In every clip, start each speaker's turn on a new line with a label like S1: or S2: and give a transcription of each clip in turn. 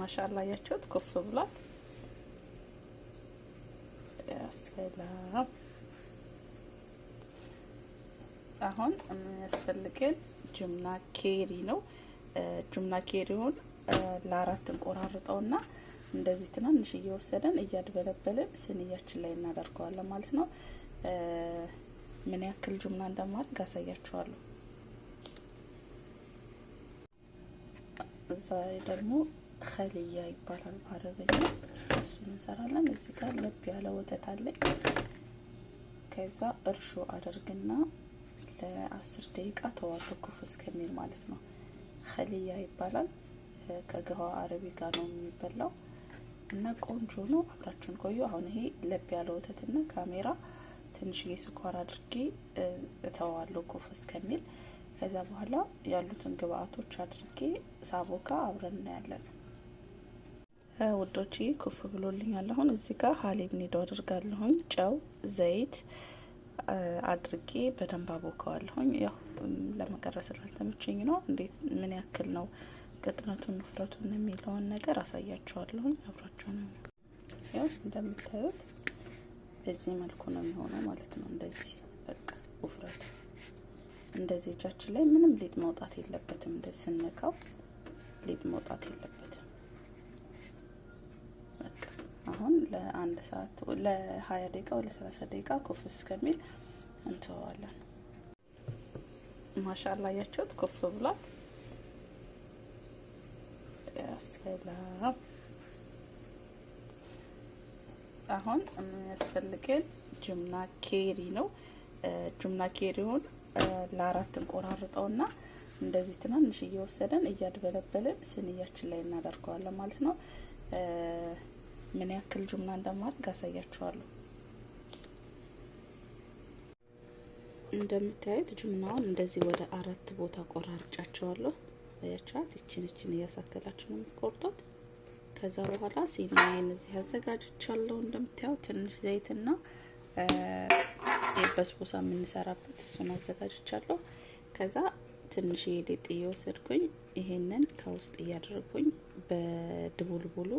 S1: ማሻላ ያቸውት ኮሶ ብሏል። ሰላም። አሁን የሚያስፈልገን ጁምና ኬሪ ነው። ጁምና ኬሪውን ለአራት እንቆራርጠውና እንደዚህ ትናንሽ እየወሰደን እያድበለበልን ስንያችን ላይ እናደርገዋለን ማለት ነው። ምን ያክል ጁምና እንደማድረግ አሳያችኋለሁ። እዛ ደግሞ ከልያ ይባላል በአረበኛ። እሱን እንሰራለን። እዚህ ጋር ለብ ያለ ወተት አለኝ። ከዛ እርሾ አደርግና ለአስር ደቂቃ ተዋርዶ ኩፍ እስከሚል ማለት ነው። ከልያ ይባላል። ከገዋ አረቢ ጋር ነው የሚበላው እና ቆንጆ ነው። አብራችሁን ቆዩ። አሁን ይሄ ለብ ያለ ወተትና ካሜራ ትንሽ ስኳር አድርጌ እተዋለሁ ኩፍ እስከሚል። ከዛ በኋላ ያሉትን ግብአቶች አድርጌ ሳቦካ አብረን እናያለን። ውዶች ኩፍ ብሎልኛል። አሁን እዚህ ጋር ሀሊብ ኒዶ አድርጋለሁኝ። ጨው፣ ዘይት አድርጌ በደንብ አቦከዋለሁኝ። ያው ለመቀረጽ ስላልተመቸኝ ነው። እንዴት ምን ያክል ነው ቅጥነቱን፣ ውፍረቱን የሚለውን ነገር አሳያችኋለሁኝ። አብራችሁን ያው እንደምታዩት በዚህ መልኩ ነው የሚሆነው ማለት ነው። እንደዚህ በቃ ውፍረቱ እንደዚህ እጃችን ላይ ምንም ሊጥ መውጣት የለበትም። እንደዚህ ስነካው ሊጥ መውጣት የለበትም። አሁን ለአንድ ሰዓት ለሀያ ደቂቃ ወደ ሰላሳ ደቂቃ ኩፍ እስከሚል እንተዋለን። ማሻላ ያችሁት ኩፍ ብሏል። ሰላም አሁን የሚያስፈልገን ጅምና ኬሪ ነው። ጅምና ኬሪውን ለአራት ና እንደዚህ ትናንሽ እየወሰደን እያድበለበልን ስንያችን ላይ እናደርገዋለን ማለት ነው። ምን ያክል ጁምና እንደማድረግ አሳያችኋለሁ። እንደምታዩት ጁምናውን እንደዚህ ወደ አራት ቦታ ቆራርጫቸዋለሁ። ያቻት እችን እችን እያሳከላችሁ ነው የምትቆርጧት። ከዛ በኋላ ሲኒን እዚህ አዘጋጅቻለሁ። እንደምታዩት ትንሽ ዘይትና የበስቦሳ የምንሰራበት እሱን አዘጋጅቻለሁ። ከዛ ትንሽ የዴጥ እየወሰድኩኝ ይሄንን ከውስጥ እያደረግኩኝ በድቡልቡሉ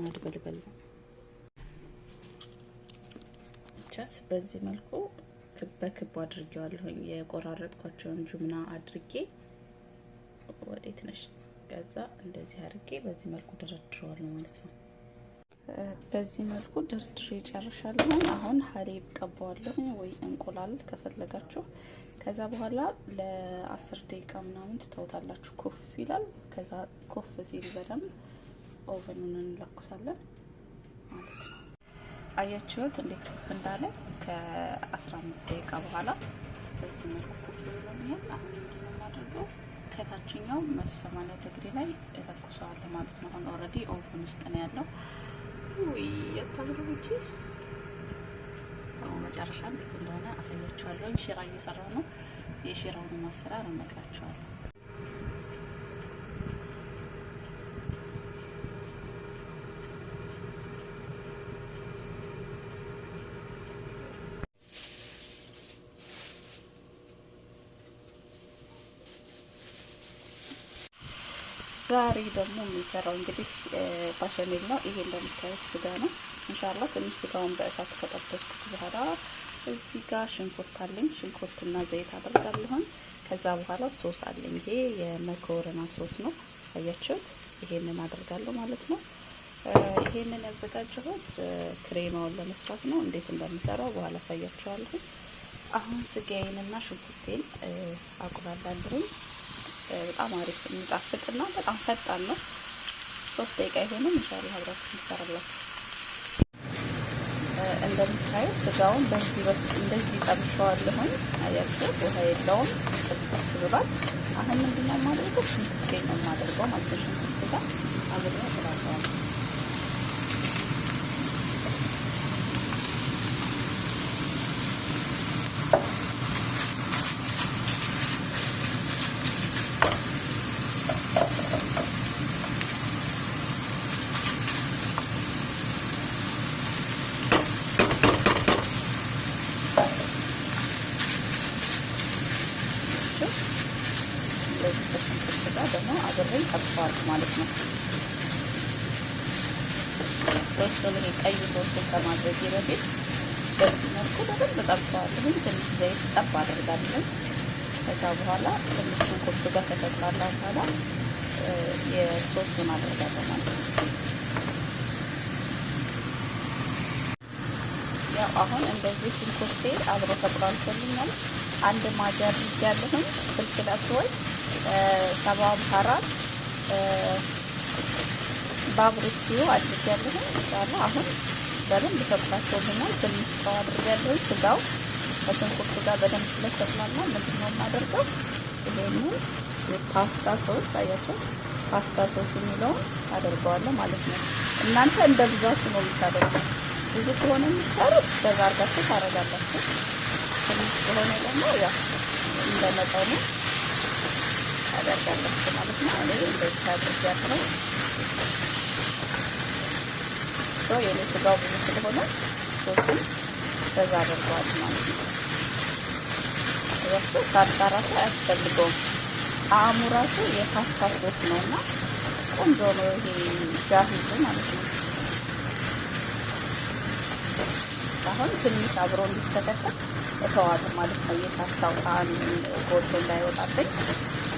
S1: ማድበልበል ነው። ቻት በዚህ መልኩ በክቡ አድርጌዋለሁኝ። የቆራረጥኳቸውን ጁምና አድርጌ ወዴት ነሽ? ከዛ እንደዚህ አድርጌ በዚህ መልኩ ደረድረዋለሁ ማለት ነው። በዚህ መልኩ ድርድር ይጨርሻለሁ። አሁን ሀሌብ ቀባዋለሁ ወይ እንቁላል ከፈለጋችሁ። ከዛ በኋላ ለአስር ደቂቃ ምናምን ትተውታላችሁ። ኮፍ ይላል። ከዛ ኮፍ ሲል በደንብ ኦቨኑን እንለኩሳለን ማለት ነው። አያችሁት እንዴት ኩፍ እንዳለ ከ15 ደቂቃ በኋላ በዚህ መልኩ ኩፍ ይሄን አሁን የምናደርገው ከታችኛው 180 ዲግሪ ላይ እለኩሰዋለሁ ማለት ነው። አሁን ኦልሬዲ ኦቨን ውስጥ ነው ያለው። ውይ የታብሉ መጨረሻ እንዴት እንደሆነ አሳያችኋለሁ። ሽራ እየሰራው ነው። የሽራውን አሰራር እነግራችኋለሁ። ዛሬ ደግሞ የምንሰራው እንግዲህ ባሸሜል ነው። ይሄ እንደምታዩት ስጋ ነው። እንሻላ ትንሽ ስጋውን በእሳት ከጠበስኩት በኋላ እዚህ ጋር ሽንኩርት አለኝ። ሽንኩርትና ዘይት አደርጋለሁን። ከዛ በኋላ ሶስ አለኝ። ይሄ የመኮረና ሶስ ነው። አያችሁት? ይሄንን አደርጋለሁ ማለት ነው። ይሄንን ያዘጋጀሁት ክሬማውን ለመስራት ነው። እንዴት እንደምሰራው በኋላ አሳያችኋለሁ። አሁን ስጋዬንና ሽንኩርቴን አቁላላለሁኝ። በጣም አሪፍ የሚጣፍጥ የሚጣፍጥና በጣም ፈጣን ነው። ሶስት ደቂቃ የሆነም ኢንሻአላህ አብራችሁ እንሰራላችሁ። እንደምታዩት ስጋውን በዚህ በኩል እንደዚህ ጠብሸዋለሁኝ። አያችሁ ቦታ የለውም ጥብስ ብሏል። አሁን ምንድነው የማደርገው? ሽንኩርቴ ነው የማደርገው ማለት ነው። ሽንኩርት ጋር አብሬ አጥራለሁ። እንደዚህ ከሽንኩርት ደግሞ አብሬ ጠብሰዋለሁ ማለት ነው። ሶስት ብሬ ቀይ ሶስቱን ከማድረጌ በፊት በዚህ መልኩ በደንብ ጠብሰዋለሁ። ትንሽ ዘይት ጠብ አደርጋለሁ። ከዛ በኋላ ትንሽ ሽንኩርቱ ጋር ከተቁላላ በኋላ የሶስቱን አደርጋለሁ ማለት ነው። ያው አሁን እንደዚህ ሽንኩርቴ አብሮ ተቆላልቶልኛል። አንድ ማጀር ያለሁን ፍልፍል አስወይ ሰባ አራት ባብሪቲዩ አድርጌያለሁ። ኢንሻአላህ አሁን በደንብ ተቆጣጥቶልኛል። ትንሽ ሰው አድርጌያለሁ። ስጋው ከሽንኩርቱ ጋር በደንብ ስለተስማማ ምንድን ነው የማደርገው? ይሄንን የፓስታ ሶስ አያቸው፣ ፓስታ ሶስ የሚለውን አደርገዋለሁ ማለት ነው። እናንተ እንደ ብዛቱ ነው የምታደርጉት። ብዙ ከሆነ የሚሰሩት በዛ አድርጋችሁ ታረጋላችሁ። ትንሽ ከሆነ ደግሞ ያው እንደ መጠኑ አደርጋለሁ ማለት ነው። እኔ እንደዚህ አድርጊያት ነው ሰው የኔ ስጋው ብዙ ስለሆነ ሶስቱን በዛ አደርገዋል ማለት ነው። እሱ ሳልጣ ራሱ አያስፈልገውም። ጣዕሙ ራሱ የፓስታ ሶስ ነው እና ቆንጆ ነው ይሄ ጃሂዙ ማለት ነው። አሁን ትንሽ አብሮ እንዲተከተል እተዋለሁ ማለት ነው። የፓስታው ጣዕም ጎልቶ እንዳይወጣብኝ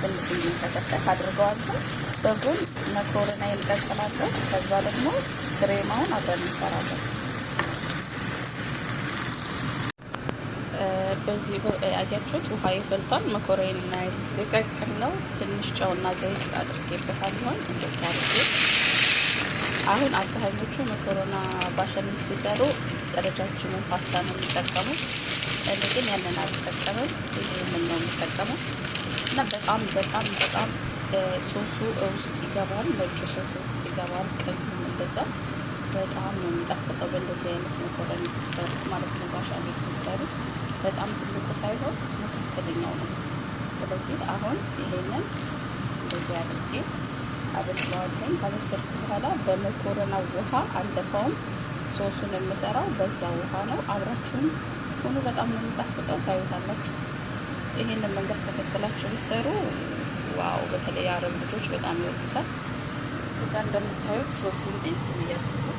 S1: ትንሽ እንዲንቀጠቀጥ አድርገዋለሁ። በጎን መኮረና ይንቀቅላለን። ከዛ ደግሞ ክሬማውን አብረን እንሰራለን። በዚህ አያችሁት ውሃ ይፈልቷል። መኮረን መኮረና የቀቅል ነው። ትንሽ ጨውና ዘይት አድርጌበታል። ሆን እንደዛ አድርጌ አሁን አብዛኞቹ መኮረና ባሸኒት ሲሰሩ ረጃጅሙን ፓስታ ነው የሚጠቀሙት። እኔ ግን ያንን አልጠቀምም። ይህ ምን ነው የሚጠቀመው እና በጣም በጣም በጣም ሶሱ ውስጥ ይገባል፣ ነጭ ሶሱ ውስጥ ይገባል፣ ቀዩም እንደዛ በጣም ነው የሚጣፍጠው። በእንደዚህ አይነት መኮረኒ ሲሰሩ ማለት ነው፣ ባሻ ቤት ሲሰሩ በጣም ትልቁ ሳይሆን መካከለኛው ነው። ስለዚህ አሁን ይሄንን እንደዚህ አድርጌ አበስለዋለኝ። ካበሰልኩ በኋላ በመኮረናው ውሃ አንደፋውም፣ ሶሱን የምሰራው በዛ ውሃ ነው። አብራችሁን ሆኑ። በጣም ነው የሚጣፍጠው፣ ታዩታላችሁ። ይሄንን መንገድ ተከትላችሁ ብትሰሩ ዋው! በተለይ አረብ ልጆች በጣም ይወዱታል። እዚህ እንደምታዩት ሶስ እንዴት እያልኩት ነው።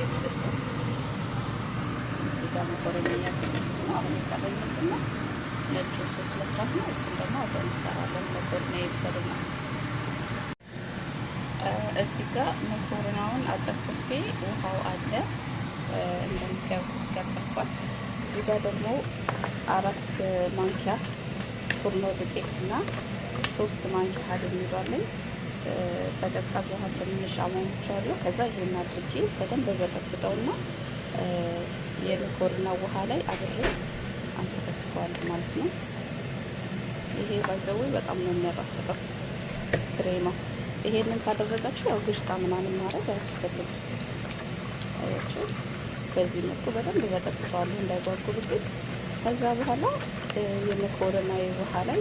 S1: የማለት ነው። መኮረኒ ያብስ አሁን ሶስ መስራት ነው። እሱም ደግሞ አብረን እንሰራለን። መኮረኒ እዚህ ጋር መኮረናውን አጠፍፌ ውሃው አለ እንደሚጋብት ጋጠርኳል። እዚህ ጋ ደግሞ አራት ማንኪያ ፉርኖ ዱቄት እና ሶስት ማንኪያ ሀድን ይዟለኝ በቀዝቃዛ ውሃ ትንሽ አሟሙቻለሁ። ከዛ ይሄን አድርጌ በደንብ በጠብጠውና የመኮርና ውሃ ላይ አብሬ አንተከትከዋለሁ ማለት ነው። ይሄ ባይዘው በጣም ነው የሚያጣፍጠው ክሬማ። ይሄንን ካደረጋችሁ ያው ግሽጣ ምናምን ማድረግ አያስፈልግም። አያችሁ በዚህ መልኩ በደንብ በጠብጠዋለሁ እንዳይጓጉሉብኝ። ከዛ በኋላ የመኮረና የውሃ ላይ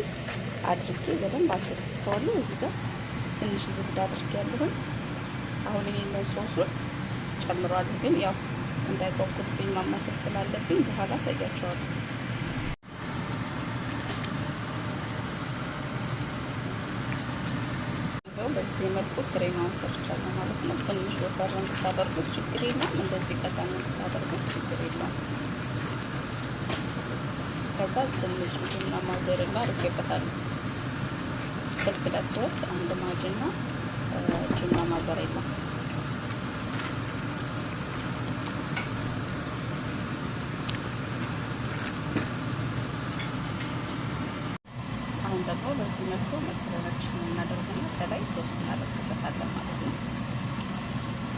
S1: አድርጌ በደንብ አስከትተዋለሁ። እዚህ ጋር ትንሽ ዝግድ አድርጌ ያለሁን አሁን ይሄን ነው ሶሱን ጨምሯል። ግን ያው እንዳይጓጉልብኝ ማማሰል ስላለብኝ በኋላ አሳያቸዋለሁ። እንደምታውቁት ክሬማውን ሰርቻለሁ ማለት ነው። ትንሽ ወፈር እንድታደርጉት ችግር የለም። እንደዚህ ቀጠን እንድታደርጉት ችግር የለም። ከዛ ትንሽ ቡና ማዘርና አድርጌበታለሁ። ፍልፍል አስወጥ አንድ ማጅና ቡና ማዘር የለም ደግሞ በዚህ መልኩ መክደኖችን እናደርግና ከላይ ሶስት እናደርግበታለን ማለት ነው።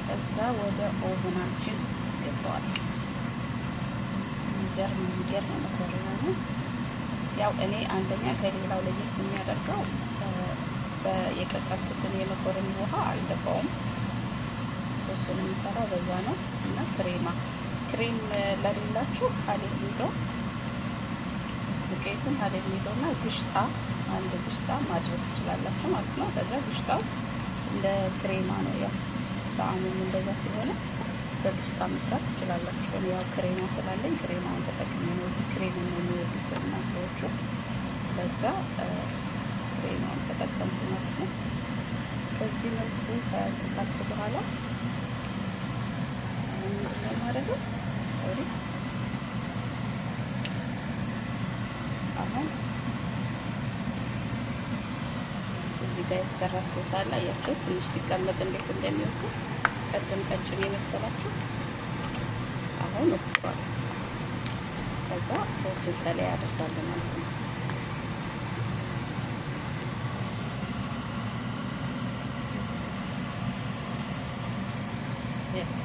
S1: ከዛ ወደ ኦቨናችን አስገባዋል። የሚገርም የሚገርም መኮረኒ ነው። ያው እኔ አንደኛ ከሌላው ለየት የሚያደርገው የቀቀልኩትን የመኮረኒ ውሃ አልደፋውም። ሶሱን የሚሰራው በዛ ነው እና ክሬማ ክሬም ለሌላችሁ ሀሌ ሚሎ ዱቄቱን ሀሌ ሚሎና ግሽጣ አንድ ብሽጣ ማድረግ ትችላላችሁ ማለት ነው። ከዛ ብሽጣው እንደ ክሬማ ነው ያው ጣዕሙም እንደዛ ሲሆነ በብሽጣ መስራት ትችላላችሁ። ያው ክሬማ ስላለኝ ክሬማውን ተጠቅሜ ነው። እዚህ ክሬም ነው የሚወዱት እና ሰዎቹ በዛ ክሬማውን ተጠቀምኩ ማለት ነው። በዚህ መልኩ ከተካት በኋላ ምንድን ነው ማድረገው ሶሪ አሁን ጋር የተሰራ ሶስ አለ። አያቸው ትንሽ ሲቀመጥ እንዴት እንደሚወጡ ቀድም ቀጭን የመሰላችሁ አሁን ወፍሯል። ከዛ ሶሱ ከላይ አድርጋለሁ ማለት ነው።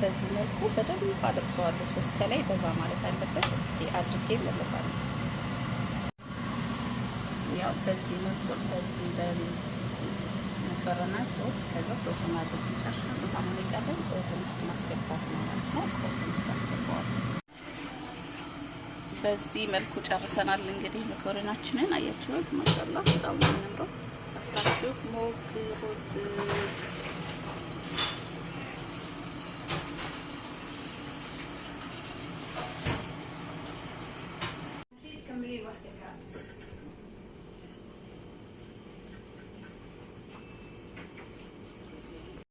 S1: በዚህ መልኩ በደንብ አለብሰዋለሁ። ሶስት ከላይ በዛ ማለት አለበት። እስኪ አድርጌ መለሳለሁ። ያው በዚህ መልኩ በዚህ በ ነበረና ሶስት ከዛ ሶስት አድርግ ይጨርሻል። አሁን የቀረኝ ኦቨን ውስጥ ማስገባት ነው ማለት ነው። ኦቨን ውስጥ አስገባዋለሁ። በዚህ መልኩ ጨርሰናል። እንግዲህ መኮረናችንን አያችሁት፣ ማሻላ በጣም ነው የሚያምረው። ሰርታችሁ ሞክሩት።